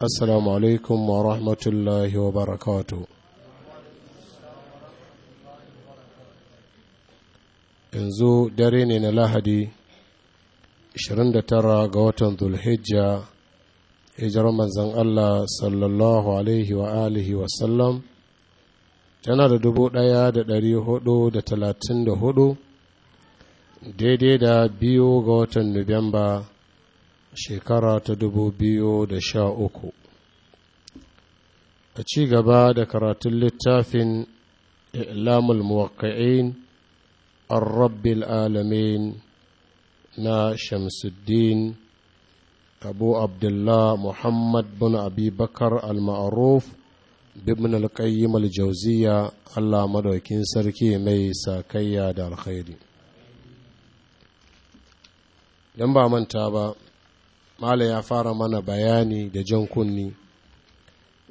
assalamu alaikum wa rahmatullahi wa barakatu yanzu dare ne na lahadi 29 ga watan zulhijja hijirar manzan allah sallallahu alaihi wa alihi tana da dubu ɗaya da ɗari hudu da talatin da hudu daidai da biyu ga watan nuwamba shekara ta dubu biyu da sha uku a ci gaba da karatun littafin ilamul muwakka'in an rabbil alamin na shamsuddin abu abdullah muhammad bin abi bakar al-ma'ruf bibin alƙayyim Jauziya, allah madaukin sarki mai sakayya da alkhairi don ba manta ba mala ya fara mana bayani da jan kunni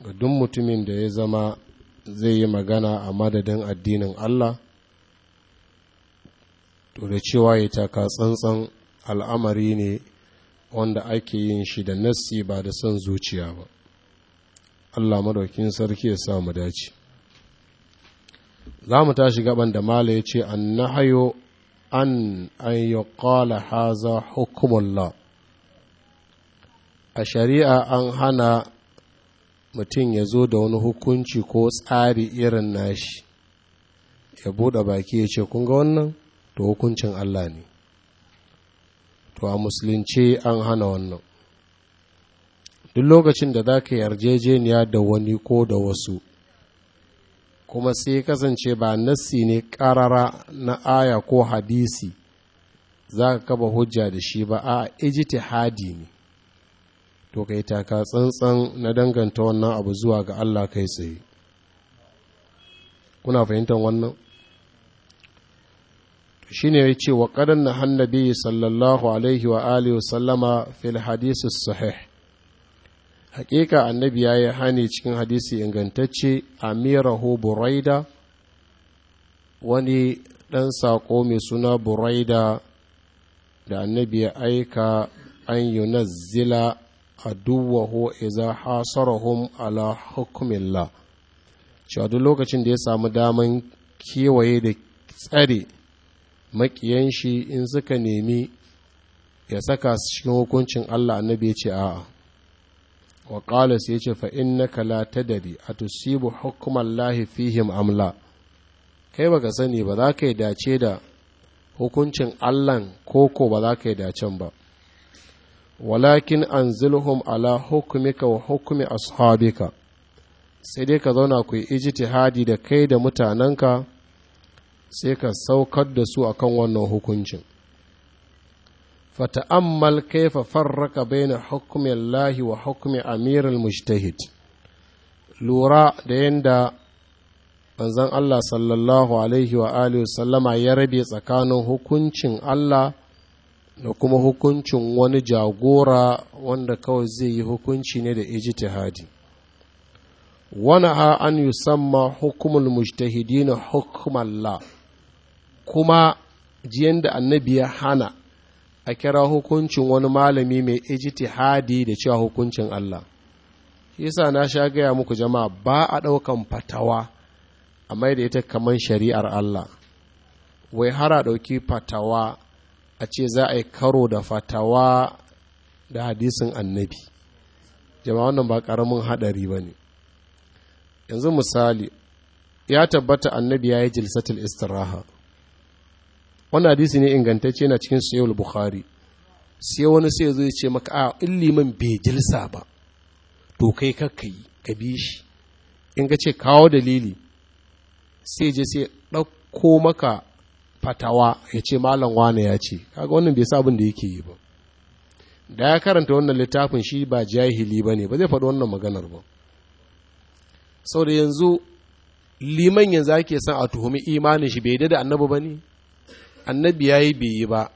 ga duk mutumin da ya zama zai yi magana a madadin addinin Allah to da cewa ya taka tsantsan al'amari ne wanda ake yin shi da nassi ba da son zuciya ba Allah madaukin sarki ya sa mu dace za mu tashi gaban da mala ya ce an nahayo an an yi ƙala haza hukumullah a shari'a an hana mutum ya zo da wani hukunci ko tsari irin nashi ya buɗe baki ya ce kunga wannan to hukuncin Allah ne to a musulunci an hana wannan duk lokacin da za ka yarjejeniya da wani ko da wasu kuma sai kasance ba nassi ne karara na aya ko hadisi za ka kaba hujja da shi ba a ijitihadi ne to kai taka tsantsan na danganta wannan abu zuwa ga Allah kai tsaye kuna fahimtar wannan shi ne ya ce wa ƙadan na hannabi sallallahu alaihi wa alihi sallama fil hadisi sahih hakika annabi ya yi hani cikin hadisi ingantacce amiraho buraida wani ɗan saƙo mai suna buraida da annabi ya aika an yunazzila aduwahu iza hasarahum ala shi cewa duk lokacin da ya samu daman kewaye da tsare makiyan shi in suka nemi ya saka su cikin hukuncin Allah annabi ya ce a'a wa qala sai ya ce fa innaka la tadri atusibu hukmallahi fihim amla kai baka sani ba za ka yi dace da hukuncin Allah koko ba za ka yi dacen ba walakin anzilhum ala hukumika wa hukumi ashabika sai dai ka zauna ku ijtihadi da kai da mutanenka sai ka saukar da su akan wannan hukuncin fata'ammal kaifa farraka baina hukmi Allahi wa hukmi amirul mujtahid lura da yanda manzon Allah sallallahu alaihi wa alihi sallama ya rabe tsakanin hukuncin Allah da kuma hukuncin wani jagora wanda kawai zai yi hukunci ne da ijtihadi wani a an yi yusamma hukumul mujtahidina hukumalla kuma jiyan da annabi ya hana a kira hukuncin wani malami mai ijtihadi da cewa hukuncin Allah yasa na sha gaya muku jama'a ba a ɗaukan fatawa a mai da ita kamar shari'ar Allah wai har a ɗauki fatawa a ce za a yi karo da fatawa da hadisin annabi jama'a wannan ba karamin haɗari ba ne yanzu misali ya tabbata annabi ya yi jilsatul istiraha wannan hadisi ne ingantacce na cikin sayul bukhari sai wani sai zai ce maka a in liman bai jilsa ba to kai kakka yi ka bi shi in ka ce kawo dalili sai je sai ɗauko maka fatawa ya ce malon wane ya ce kaga wannan bai sa abin da yake yi ba da ya karanta wannan littafin shi ba jahili ba ne ba zai faɗi wannan maganar ba sau da yanzu liman yanzu ake son a tuhumi imanin shi bai da annabi ba ne annabi ya yi bai yi ba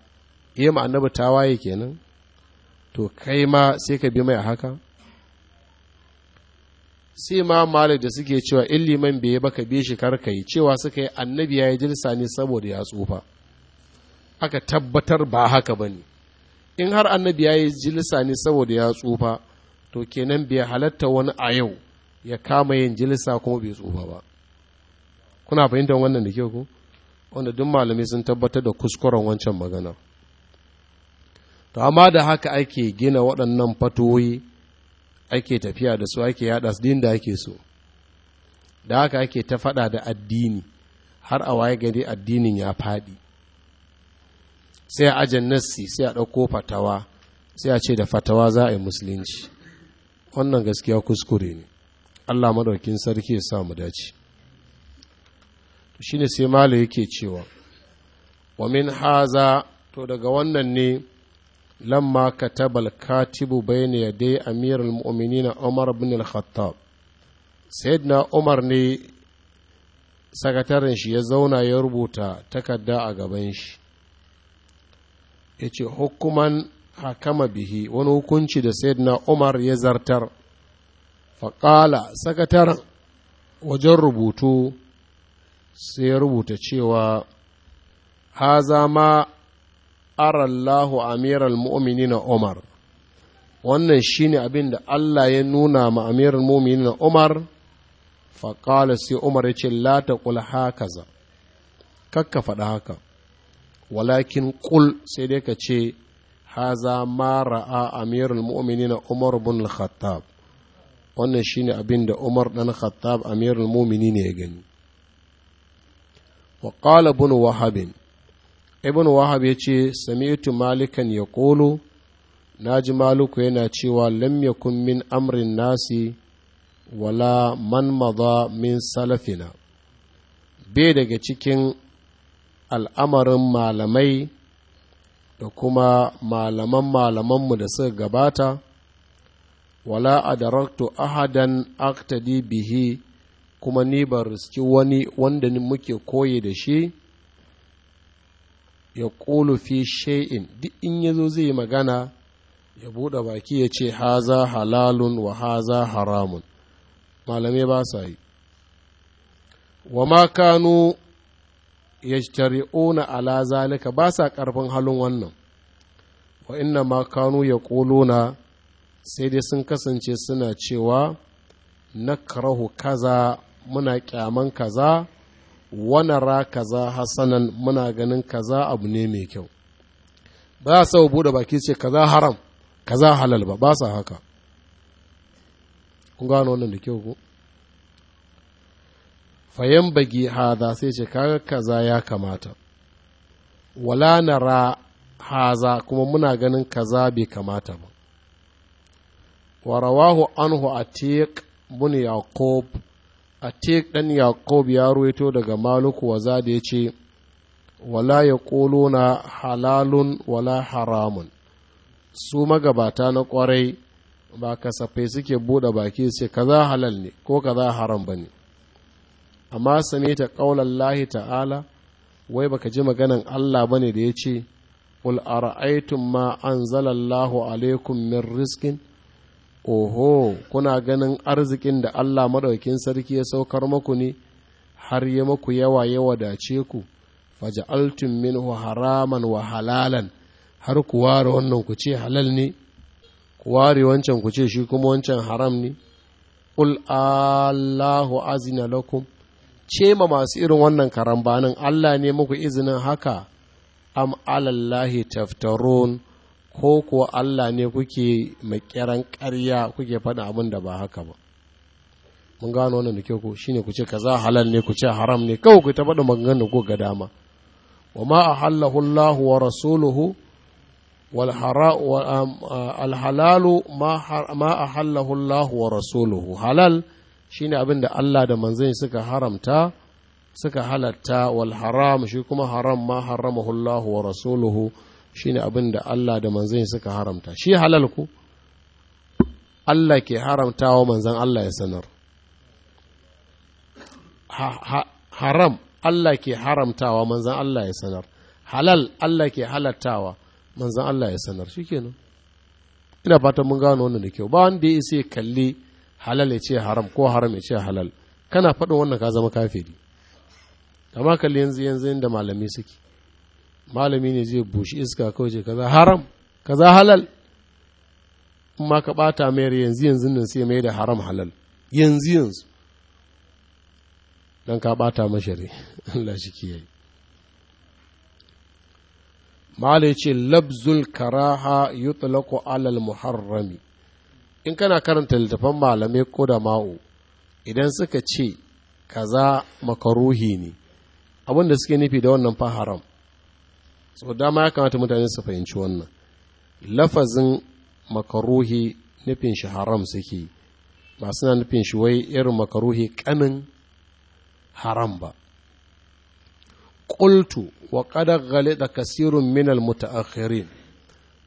yi ma annabi tawaye kenan to kai ma sai ka bi mai a haka sai ma malik da suke cewa in liman bai ba ka bi shi yi cewa suka yi annabi ya yi jirsa ne saboda ya tsufa aka tabbatar ba haka ba ne in har annabi ya yi jilsa ne saboda ya tsufa to kenan bai halatta wani a yau ya kama yin jilsa kuma bai tsufa ba kuna fahimtar wannan da kyau ko wanda duk malamai sun tabbatar da kuskuren wancan magana to amma da haka ake gina waɗannan fatoyi ake tafiya da su ake yada su din da ake so da haka ake ta fada da addini har a waye gari addinin ya fadi sai a ajin nassi sai a ɗauko fatawa sai a ce da fatawa za a yi musulunci wannan gaskiya kuskure ne allah maɗaukin sarki ya sa mu dace shine sai malo yake cewa wa min haza to daga wannan ne lamma katabal katibu bayna yaday amirul mu'minin Umar ibn al-Khattab sayyidina Umar ne sakataren shi ya zauna ya rubuta takarda a gaban shi yace hukuman hakama bihi wani hukunci da saidna Umar ya zartar faƙala sakataren wajen rubutu sai ya rubuta cewa haza ma arallahu amiral na umar wannan ne abin da Allah ya nuna ma amiral na umar faƙala sai umar ya ce la ta haka za kakka faɗa haka walakin ƙul sai dai ka ce haza ma ra'a amirul na umar bin khattab wannan ne abin da umar ɗan khattab amirul ne ya gani wa qala bin wahabin ibn wahab ya ce sami'tu malikan ya ƙolo na ji maluku yana cewa lam yakun min amrin nasi wala man maza min salafina bai daga cikin al'amarin malamai da kuma malaman malamanmu da suka gabata wala a adaraktu ahadan aktadi bihi kuma ni ba riski wani wanda muke koye da shi ya ƙolo fi shay'in duk in ya zo zai magana ya buɗe baki ya ce haza halalun wa haza haramun malamai ba sa yi wa ma kanu na ala zalika ba sa ƙarfin halin wannan wa inna ma kanu ya na sai dai sun kasance suna cewa na karahu kaza muna kyaman kaza Wanara kaza hasanan muna ganin kaza abu ne mai kyau ba sa buɗe baki ce kaza haram kaza halal ba ba sa haka kun gano wannan da kyau ko fayan bagi haza sai ce kaga kaza ya kamata wala nara haza kuma muna ganin kaza bai kamata ba wa rawahu anhu atiq bin yaqub a tek ɗan yaƙob ya ruwaito daga maluku waza da ya ce wala ya na halalun wala haramun su magabata na ƙwarai ba kasafai suke buɗe baki ce kaza halal ne ko kaza haram bane ne amma ne ta ƙaunar lahi ta'ala wai baka ji maganan allah ba ne da yace ce ƙul ma an zalallahu alaikum min riskin oho kuna ganin arzikin da Allah maɗaukin sarki ya saukar muku ne har yi maku yawa ya wadace ku faja'altum minhu haraman wa halalan har ku ware wannan ku ce halal ne ku ware wancan ku ce shi kuma wancan haram ne qul allahu azina lakum ce ma masu irin wannan karambanin Allah ne muku izinin haka am alallahi taftarun ko kuwa Allah ne kuke makiran karya kuke faɗa abin da ba haka ba mun gano wannan da kyau shi shine ku ce kaza halal ne ku ce haram ne kawai ku ta faɗa maganganun ko ga dama wa ma ahallahu Allah wa rasuluhu wal halalu ma ahallahu Allah wa rasuluhu halal shine abin da Allah da manzon suka haramta suka halatta wal haram shi kuma haram ma haramahu Allah wa rasuluhu ne abin da Allah da yi suka haramta shi halal ku Allah ke haramtawa manzan Allah ya sanar haram Allah ke haramtawa manzan Allah ya sanar halal Allah ke halattawa manzan Allah ya sanar shikenan ina fatan mun gano wannan da kyau ba wanda ya isa ya kalli halal ya ce haram ko haram ya ce halal kana faɗin wannan ka zama kafiri amma kalli yanzu yanzu inda malamai suke malami ne zai bushi iska kawai ce kaza haram kaza halal in ma ka bata mayar yanzu yanzu nan sai mai da haram halal yanzu yanzu dan ka bata mashari Allah shi kiyaye mala ya ce labzul karaha yutlaqu alal muharrami in kana karanta littafan malamai ko da ma'u idan suka ce kaza makaruhi ne abin da suke nufi da wannan fa haram so dama ya kamata mutane su fahimci wannan lafazin makaruhi nufin shi haram suke ba suna nufin shi wai irin makaruhi kanin haram ba ƙultu wa ƙadar gale da kasirun minal mutaakhirin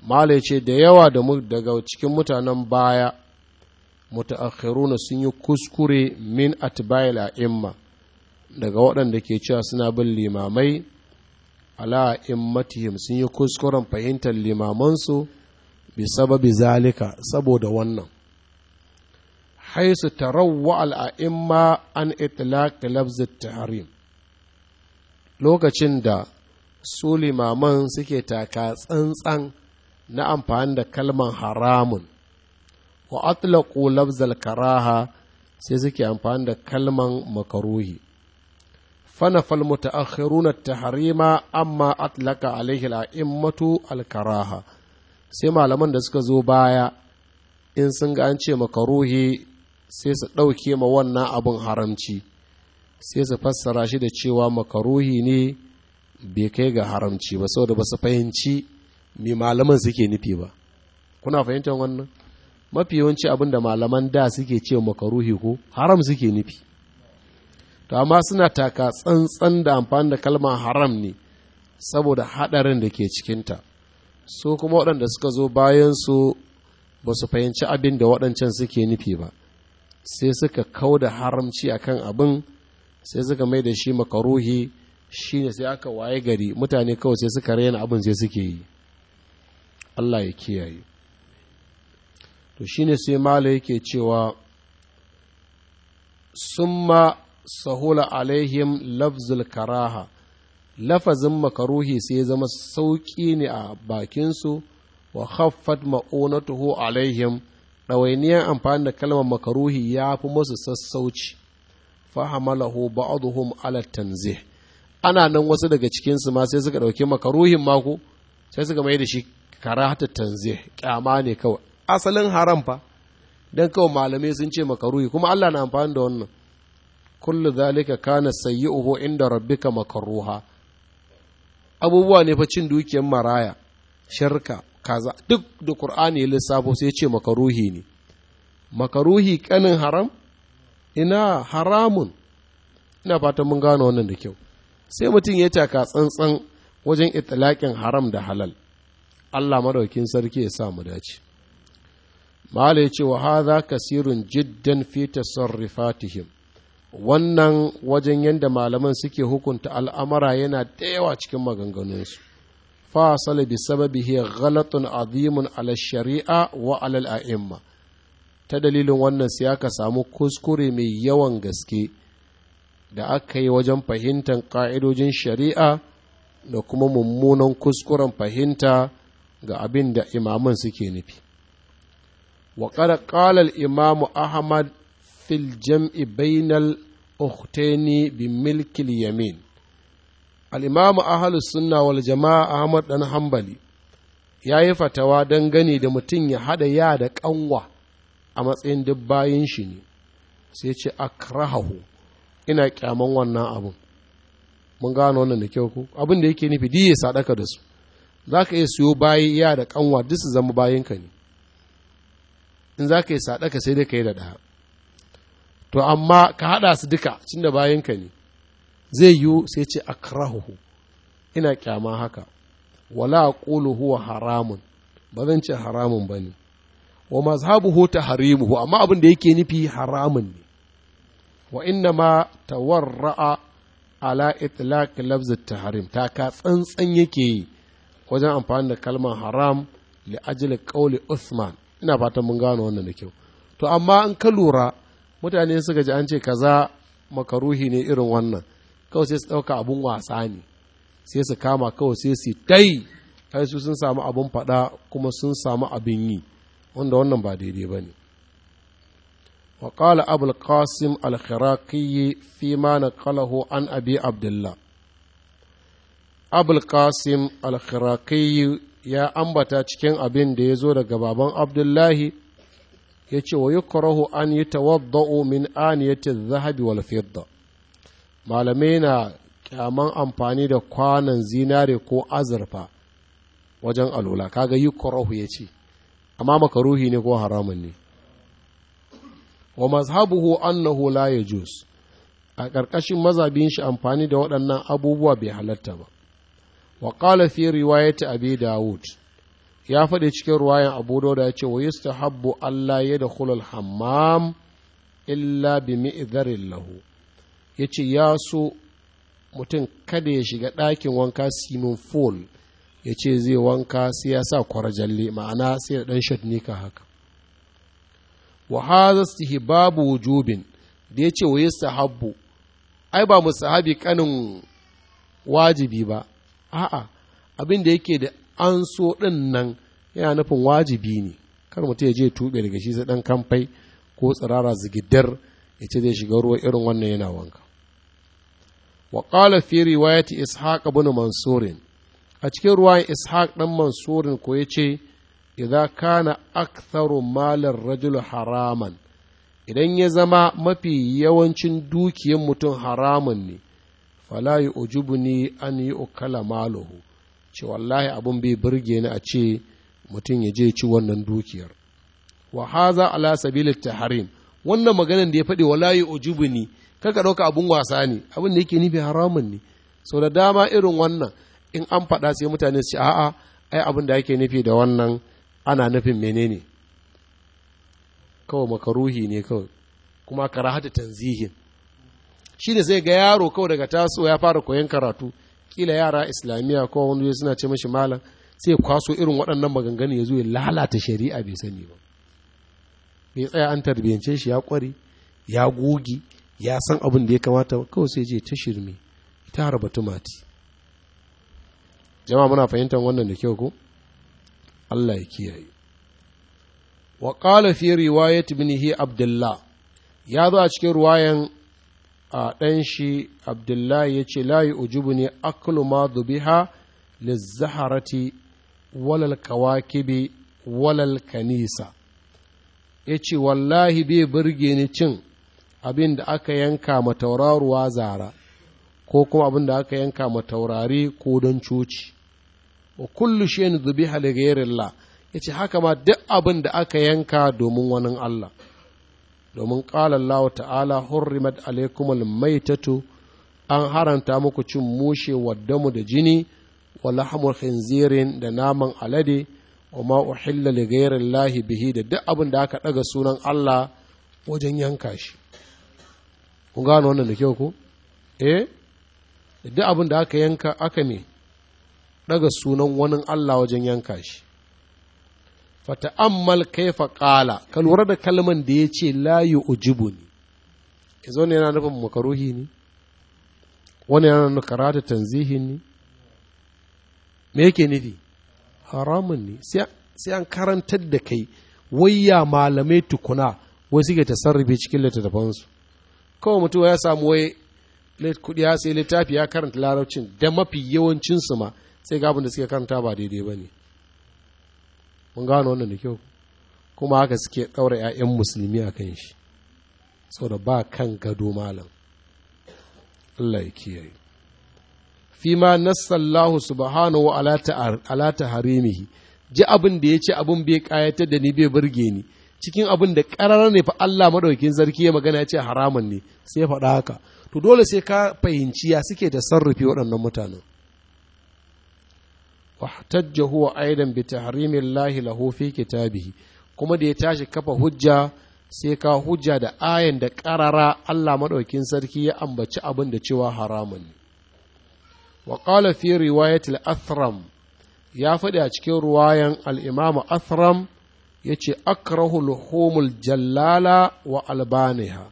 mala ce da yawa daga cikin mutanen baya mutaakhiruna sun yi kuskure min atba'il imma daga waɗanda ke cewa suna bin limamai ala immatihim sun yi kuskuren fahimtar limamansu bi sababi zalika saboda wannan haisu tarawwa al'a'imma an itlaq lafzit tahrim lokacin da su limaman suke taka tsantsan na amfani da kalman haramun wa atlaqu lafzal karaha sai suke amfani da kalman makaruhi Fana fanafal mutaakhiruna tahrima amma atlaka alaihi al'immatu alkaraha sai malaman da suka zo baya in sun ga an ce makaruhi sai su ɗauke ma wannan abin haramci sai su fassara shi da cewa makaruhi ne bai kai ga haramci ba saboda ba su fahimci me malaman suke nufi ba kuna fahimtar wannan mafi yawanci abin da malaman da suke ce makaruhi ko haram suke nufi to amma suna taka tsantsan da amfani da kalma haram ne saboda haɗarin da ke cikinta su kuma waɗanda suka zo bayansu ba su fahimci abin da waɗancan suke nufi ba sai suka kau da haramci akan abin sai suka mai da shi makaruhi shi ne sai aka waye gari mutane kawai sai suka raina abin sai suke yi Allah ya kiyaye to shi ne sai mala yake cewa summa sahula alaihim lafzul karaha lafazin makaruhi sai zama sauƙi ne a bakinsu wa haffat ma'onatuhu alaihim ɗawainiyar amfani da kalmar makaruhi ya fi musu sassauci fahamalahu ba'aduhum ala tanzih ana nan wasu daga cikinsu ma sai suka ɗauki makaruhin mako sai suka mai da shi karata tanzih kyama ne kawai asalin haram fa dan kawai malamai sun ce makaruhi kuma Allah na amfani da wannan kullu zalika kana sayyi'uhu inda rabbika makruha abubuwa ne fa cin dukiyar maraya shirka kaza duk da qur'ani ya lissafo sai ce makaruhi ne makaruhi kanin haram ina haramun ina fatan mun gano wannan da kyau sai mutum ya taka tsantsan wajen itlaqin haram da halal Allah madaukin sarki ya sa mu dace mala ya ce wa hadha kasirun jiddan fi tasarrufatihim wannan wajen yadda malaman suke hukunta al'amara yana da yawa cikin maganganunsu fasal bi sababihi ghalatun azimun ala shari'a wa alal a'imma ta dalilin wannan sai aka samu kuskure mai yawan gaske da aka yi wajen fahimtar ƙa'idojin shari'a da kuma mummunan kuskuren fahimta ga abin da imaman suke nufi wa ƙalar imamu ahmad fil jam'i bainal ukhtaini bi yamin al'imamu ahalu sunna wal jama'a ahmad dan hambali ya yi fatawa don gani da mutum ya haɗa ya da ƙanwa a matsayin duk bayan shi ne sai ce akrahahu ina kyaman wannan abin mun gano wannan da kyau ko abin da yake nufi diye sadaka da su za ka iya siyo bayi ya da ƙanwa duk su zama bayanka ne in za ka yi sadaka sai dai ka yi da ɗaya to amma ka haɗa su duka cin da bayanka ne zai yiwu sai ce akrahuhu ina kyama haka wala aqulu huwa haramun ba zan ce haramun ba ne wa mazhabuhu tahrimuhu amma abin da yake nufi haramun ne wa inna ma tawarra'a ala itlaq lafzit at-tahrim ta ka tsantsan yake yi wajen amfani da kalmar haram li ajli qawli usman ina fatan mun gano wannan da kyau to amma in ka lura mutane suka ji an ce kaza makaruhi ne irin wannan kawai sai su ɗauka abun wasa ne sai su kama kawai sai su tai ai su sun samu abun faɗa kuma sun samu abin yi wanda wannan ba daidai ba ne وقال أبو القاسم الخراقي فيما an an abi abdullah abul ya ambata cikin abin da ya zo daga baban abdullahi ya ce wa yukrahu an yi tawadda'u min ta zahabi wal fidda malamai na kyaman amfani da kwanan zinare ko azurfa wajen alula kaga yukrahu ya ce amma makaruhi ne ko haramun ne wa mazhabuhu annahu la yajuz a ƙarƙashin mazabin shi amfani da waɗannan abubuwa bai halatta ba wa qala fi riwayati abi dawud ya faɗi cikin ruwayan abu da ya ce wa Habu Allah ya da khulul hammam illa bi mi'dharin lahu ya ce ya so mutum kada ya shiga ɗakin wanka simin fol ya ce zai wanka sai ya sa kwarajalle ma'ana sai da ɗan shatnika haka wa haza babu wujubin da ya ce wa Habu? ai ba musahabi kanin wajibi ba a'a abin da yake da an so ɗin nan yana nufin wajibi ne kar mutum ya je tuɓe daga shi sai ɗan kamfai ko tsirara zigidar ya ce zai shiga ruwa irin wannan yana wanka wa qala fi riwayati ishaq ibn mansurin a cikin ruwan ishaq ɗan mansurin ko yace idza kana aktharu malar rajul haraman idan ya zama mafi yawancin dukiyar mutum haramun ne fala ne an yu'kala maluhu ce wallahi abun bai burge ni a ce mutum ya je ci wannan dukiyar wa haza ala sabilit taharim wannan maganar da ya faɗi wala ni kaka ɗauka abin wasa ne abin da yake nufi haramun ne sau da dama irin wannan in an faɗa sai mutane su ce a'a ai abin da ake nufi da wannan ana nufin menene kawai makaruhi ne kawai kuma karahata tanzihin shi ne sai ga yaro kawai daga taso ya fara koyon karatu kila yara islamiyya ko wanda suna ce mashi malam sai kwaso irin waɗannan maganganu ya zo ya lalata shari'a bai sani ba bai tsaya an tarbiyance shi ya ƙware ya goge ya san abin da ya kamata kawai sai je ta shirme ta harba tumati jama'a muna fahimtar wannan da kyau ko Allah ya kiyaye wa qala fi riwayat ibnihi abdullah ya zo a cikin ruwayan a ɗan shi abdullahi ya ce layi ujubu ne aklu ma dubiha lizaharati walal kawakibi walal kanisa ya ce wallahi bai birge ni cin abin da aka yanka ma tauraruwa zara ko kuma abin da aka yanka ma taurari ko don coci wa kullu shi ne zubi la. ya ce haka ma duk abin da aka yanka domin wani Allah domin ƙala Allah ta'ala hurrimat alaikumul maitatu an haranta muku cin mushe damu da jini wa lahmul khinzirin da naman alade wa ma uhilla li ghairillahi bihi da duk abin da aka daga sunan Allah wajen yanka shi kun gano wannan da kyau ko eh duk abin da aka yanka aka ne daga sunan wani Allah wajen yanka shi fata'ammal kaifa qala ka lura da kalman da ya ce la yu'jibuni yazo ne yana nufin makaruhi ne wani yana nufin karata tanzihi ne me yake nufi haramun ne sai an karantar da kai wayya malamai tukuna wai suke tasarrufi cikin littattafansu kawai mutum ya samu wai kudi ya sai littafi ya karanta larabcin da mafi yawancinsu ma sai ga da suke karanta ba daidai ba ne mun gano wannan da kyau kuma haka suke ɗaura 'ya'yan musulmi a kan shi saboda ba kan gado malam Allah ya kiyaye fima nassallahu subhanahu wa ala harimihi ji abin da ya ce abin bai kayatar da ni bai burge ni cikin abin da karar ne fa Allah maɗaukin sarki ya magana ya ce haramun ne sai ya faɗa haka to dole sai ka fahimci ya suke da sarrafi waɗannan mutanen WahTajjahu wa aidan bi tahrimin lahi lahu fi kitabihi kuma da ya tashi kafa hujja sai ka hujja da ayan da karara Allah madaukin sarki ya ambaci abin da cewa haramun ne wa qala fi athram ya faɗi a cikin ruwayan al-imam athram yace akrahu luhumul jallala wa albaniha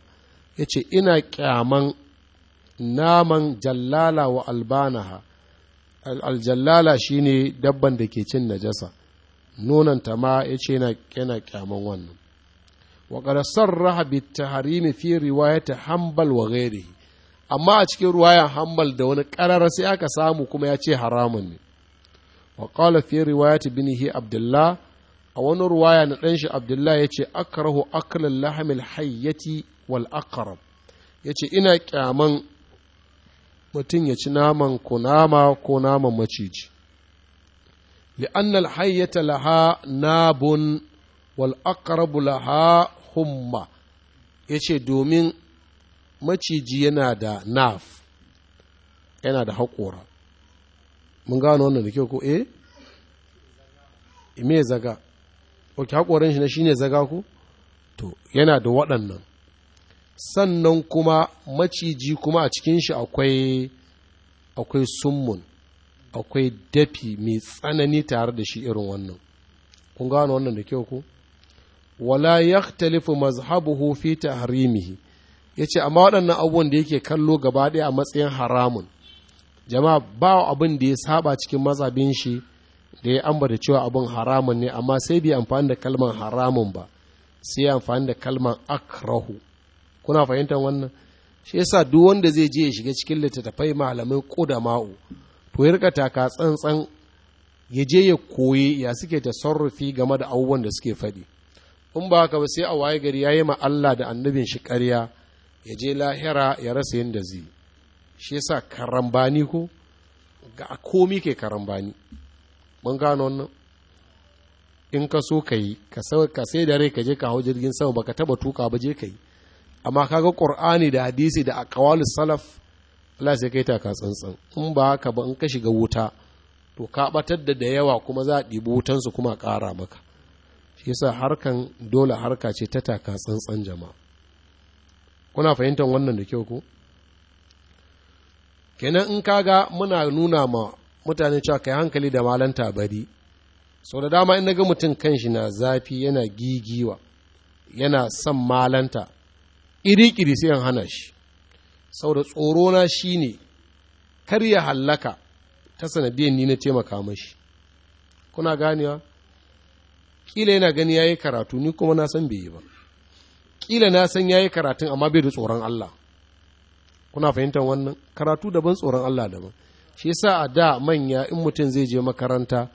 yace ina kyaman naman jallala wa albanaha aljallala shine dabban da ke cin najasa nonanta ma ya ce yana kyaman wannan waƙar sarraha bi taharimi fi riwayata hambal wa ghairihi amma a cikin ruwayan hambal da wani ƙarar sai aka samu kuma ya ce haramun ne wa qala fi riwayati binihi abdullah a wani ruwaya na ɗanshi abdullah ya ce akrahu aklal lahamil hayyati wal aqrab ya ce ina kyaman mutum ya ci naman kunama ko naman maciji li'annal hayyata laha nabun wal aqrabu laha humma yace domin maciji yana da naf yana da haƙora mun gano wannan da kyau ko eh me zaga ok haƙoran shi na shine zaga ku? to yana da waɗannan sannan kuma maciji kuma a cikin shi akwai akwai summun akwai dafi mai tsanani tare da shi irin wannan kun gano wannan da kyau ku wala yahtalifu mazhabuhu fi tahrimihi yace amma waɗannan abubuwan da yake kallo gaba ɗaya a matsayin haramun jama'a ba abin da ya saba cikin mazhabin shi da ya ambata cewa abin haramun ne amma sai bai amfani da kalman haramun ba sai amfani da kalman akrahu kuna fahimtar wannan shi yasa duk wanda zai je ya shiga cikin littattafai malamai ma'u to ya rika taka tsantsan ya je ya koyi ya suke ta sarrafi game da abubuwan da suke faɗi in ba haka ba sai a waye gari ya yi ma Allah da annabin shi ƙarya ya je lahira ya rasa yadda zai shi yasa karambani ko ga komi ke karambani mun gano wannan in ka so ka yi ka sai da rai ka je ka hau jirgin sama baka taba tuka ba je ka yi amma kaga qur'ani da hadisi da aqwalus salaf Allah sai kai taka tsantsan in ba haka ba in ka shiga wuta to ka batar da da yawa kuma za a ɗibi wutan su kuma ƙara maka shi yasa harkan dole harka ce ta taka tsantsan jama'a kuna fahimtar wannan da kyau ko kenan in kaga muna nuna ma mutane cewa kai hankali da malan tabari sau da dama in ga mutum kan shi na zafi yana gigiwa yana son malanta ƙiri-ƙiri sai hana shi saboda tsorona shi ne kar ya hallaka ta sanadiyar ni na taimaka mashi kuna ganewa ƙila yana gani ya yi karatu ni kuma na san bai yi ba ƙila na san ya yi karatun amma bai da tsoron Allah kuna fahimtar wannan karatu daban tsoron Allah daban shi sa a da manya in mutum zai je makaranta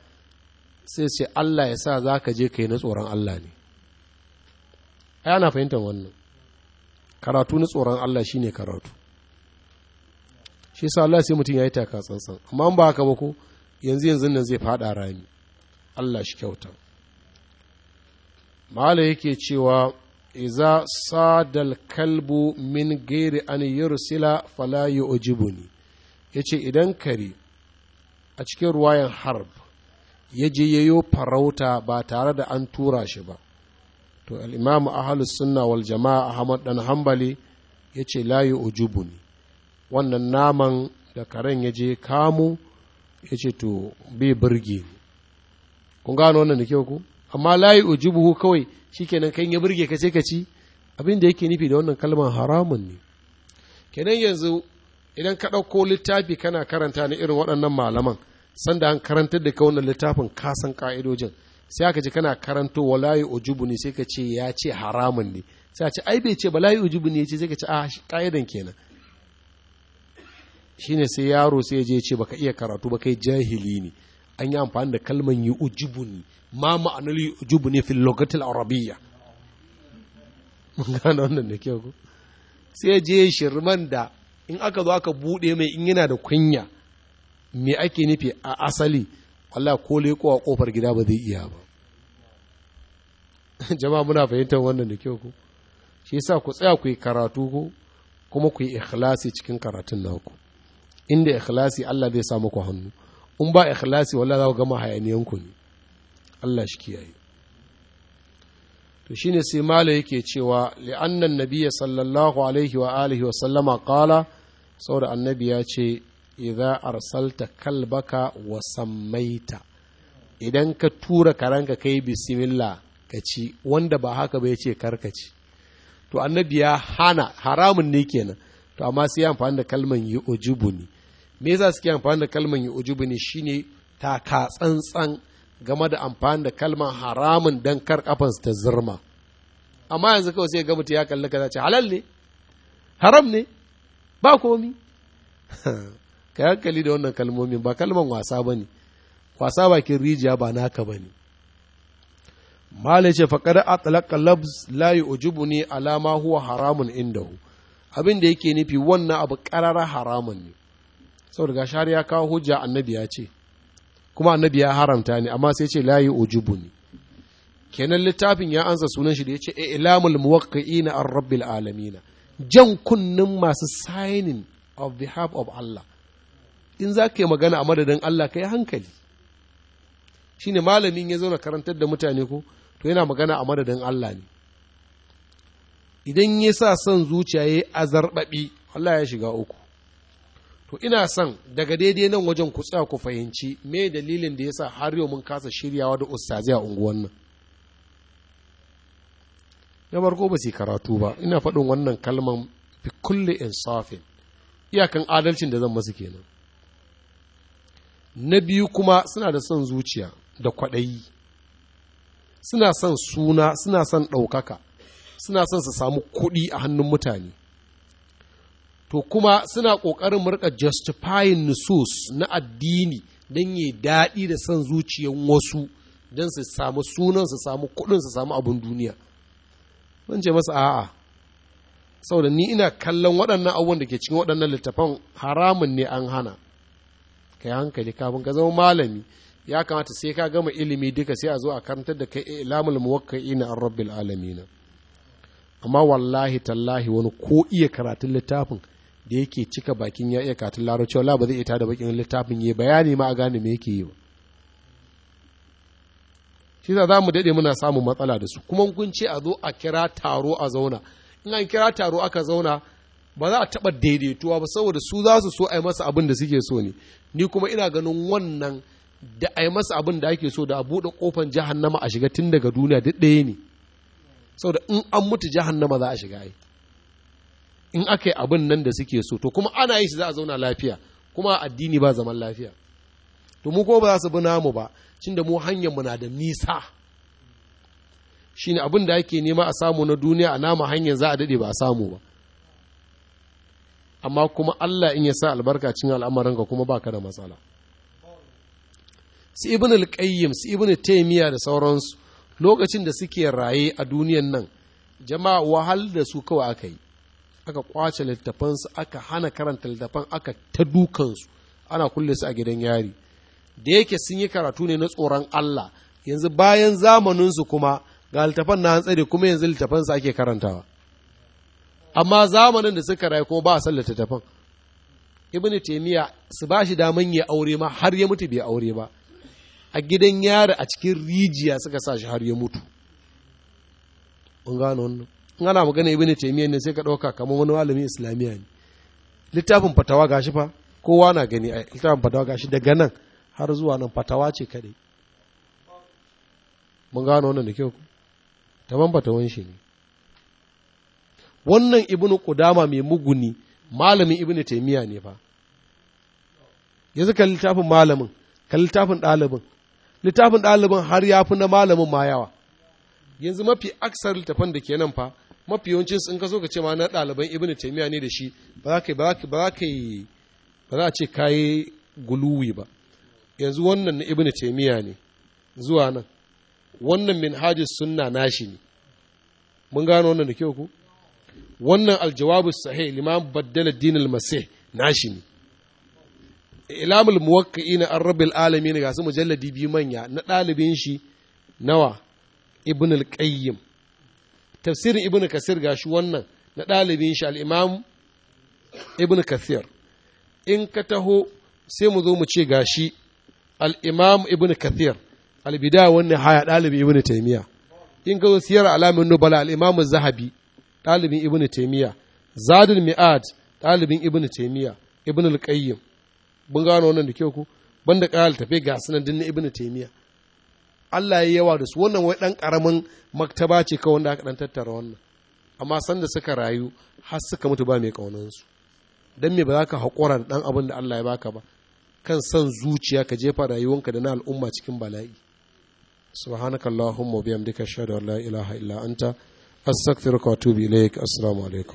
sai sai Allah ya sa za ka je ka yi na tsoron Allah ne ai ana fahimtar wannan karatu na tsoron Allah shine karatu shi sa Allah sai mutum yi taka tsantsan amma ba haka ba ko yanzu yanzu nan zai fada rami Allah shi kyauta mala yake cewa iza sadal kalbu min gairi an yursila fala yu'jibuni yace idan kare a cikin ruwayan harb ya je yayo farauta ba tare da an tura shi ba to al'imamu ahalus sunna wal jama'a ahmad dan hambali ya ce layi ujubuni wannan naman da karen ya je kamu ya ce to bi birgi kun gano wannan da kyau ku amma layi ujubuhu kawai shikenan kan ya birge ka sai ka ci abin yake nufi da wannan kalmar haramun ne kenan yanzu idan ka ɗauko littafi kana karanta na irin waɗannan malaman sanda an karantar da ka wannan littafin kasan ƙa'idojin sai aka ce kana karanto walayi ujubu ne sai ka ce ya ce haramun ne sai a ce ai bai ce balayi ujubu ne ya ce sai ka ce a ah, ka'idan kenan shine sai yaro sai je ce baka iya karatu baka yi jahili ne an yi amfani da kalman yi ujubu ne ma ma'anar yi ujubu ne fil logatil mun wannan da kyau ko sai je shirman da in aka zo aka buɗe mai in yana da kunya me ake nufi a asali Allah ko leko a kofar gida ba zai iya ba jama'a muna fahimtar wannan da kyau ku shi yasa ku tsaya ku yi karatu ku kuma ku yi ikhlasi cikin karatun naku inda ikhlasi Allah zai sa muku hannu in ba ikhlasi wala za ku gama hayaniyan ku ne Allah shi kiyaye to shine sai mala yake cewa li'annan nabiyya sallallahu alaihi wa alihi wa sallama qala saboda annabi ya ce idan arsalta kalbaka wa sammaita idan ka tura karanka yi bismillah ka ci wanda ba haka ba yace karkaci to annabi ya hana haramun ne kenan to amma sai ya amfani da kalman yi ne me yasa suke amfani da kalman yi ne shine taka tsantsan game da amfani da kalman haramun dan kar kafansu ta zirma amma yanzu kawai sai ga ya kalli ka ce halal ne haram ne ba komi ka hankali da wannan kalmomin ba kalman wasa ba ne wasa bakin rijiya ba naka ba ne malai ce a atalaka labs layi ujubu ne alama huwa haramun indahu abin da yake nufi wannan abu ƙarara haramun ne saboda ga shari ya kawo hujja annabi ya ce kuma annabi ya haramta ne amma sai ce layi ujubu ne kenan littafin ya ansa sunan shi da ya ce ilamul muwaqqi'ina an rabbil alamina jan kunnen masu signing of the half of Allah in za ka yi magana a madadin Allah ka yi hankali shi ne malamin ya zo karantar da mutane ko to yana magana a madadin Allah ne idan ya sa son zuciya ya zarɓaɓi, Allah ya shiga uku to ina son daga daidai nan wajen ku tsaya ku fahimci me dalilin da ya sa har yau mun kasa shiryawa da ustazi a unguwan nan na farko ba su karatu ba ina faɗin wannan kalman fi kulli insafin iyakan adalcin da zan masu kenan na biyu kuma suna da son zuciya da kwaɗayi suna son suna suna son ɗaukaka suna son su samu kuɗi a hannun mutane to kuma suna ƙoƙarin murka justifying nusus na addini don yi daɗi da son zuciyar wasu don su samu sunan su samu kuɗin su samu abin duniya zan ce masa a'a saboda ni ina kallon waɗannan abubuwan da ke cikin waɗannan littafan haramun ne an hana kai hankali kafin ka zama malami ya kamata sai ka gama ilimi duka sai a zo a karantar da kai ilamul muwakkaina an rabbil alamin amma wallahi tallahi wani ko iya karatun littafin da yake cika bakin ya iya karatun larabci wala ba zai ita da bakin littafin ya bayani ma a gane me yake yi ba shi za mu daɗe muna samun matsala da su kuma kun ce a zo a kira taro a zauna in an kira taro aka zauna ba za a taɓa daidaituwa ba saboda su za su so a yi masa abin da suke so ne ni kuma ina ganin wannan da a yi masa abin da ake so da a buɗe ƙofan jahannama a shiga tun daga duniya duk ɗaya ne saboda in an mutu jahannama za a shiga yi. in aka yi abin nan da suke so to kuma ana yi shi za a zauna lafiya kuma addini ba zaman lafiya to mu ko ba za su bi namu ba shin da mu hanyar mu na da nisa shine abin da ake nema a samu na duniya a nama hanyar za a dade ba a samu ba amma kuma Allah in ya sa albarka cikin ka kuma baka da matsala su ibn al-qayyim su ibn taymiya da sauransu lokacin da suke raye a duniyan nan jama'a wahal da su kawai aka yi aka kwace littafansu aka hana karanta littafan aka ta dukansu ana kulle su a gidan yari da yake sun yi karatu ne na tsoron Allah yanzu bayan zamaninsu kuma ga littafan na hantsari kuma yanzu littafansu ake karantawa amma zamanin da suka rayu ko ba a sallar littattafan ibn taymiya su ba shi daman ya aure ma har ya mutu bai aure ba a gidan yari a cikin rijiya suka sa shi har ya mutu kun gano wannan in ana magana ibn taymiya ne sai ka ɗauka kamar wani malami islamiyya ne littafin fatawa gashi fa kowa na gani a littafin fatawa gashi daga nan har zuwa nan fatawa ce kadai mun gano wannan da kyau taban fatawan shi ne wannan ibnu qudama mai muguni malamin ibnu Taimiyya ne fa yanzu kan littafin malamin kan littafin ɗalibin littafin ɗalibin har ya fi na malamin ma yawa yanzu mafi aksar littafan da ke nan fa mafi yawancin in ka so ka ce ma na ɗaliban ibnu Taimiyya ne da shi ba za ka ba za ka ba za a ce kayi guluwi ba yanzu wannan na ibnu Taimiyya ne zuwa nan wannan hajji sunna nashi ne mun gano wannan da kyau ku wannan aljawabu sahih liman baddala dinil masih nashi ne ilamul muwakki'ina an rabbil alamin ga su mujalladi biyu manya na dalibin shi nawa ibn al-qayyim tafsirin ibn kasir ga shi wannan na dalibin shi al-imam ibn kasir in ka taho sai mu zo mu ce ga shi al-imam ibn kasir al-bidaya wannan haya dalibi ibn taymiya in ka zo siyar alamin nubala al-imam zahabi ɗalibin ibn taimiyya zadul mi'ad ɗalibin ibn taimiyya ibn al-qayyim gano wannan da kyau ku banda ƙara tafe ga sunan dinna ibn taimiyya Allah ya yi yawa da su wannan wai ɗan ƙaramin maktaba ce kawai wanda aka ɗan tattara wannan amma sanda suka rayu har suka mutu ba mai ƙaunansu don me ba za ka haƙura da ɗan abin da Allah ya baka ba kan san zuciya ka jefa rayuwanka da na al'umma cikin bala'i subhanakallahumma bihamdika duka shaidu la ilaha illa anta astaghfiruka wa atubu ilaik assalamu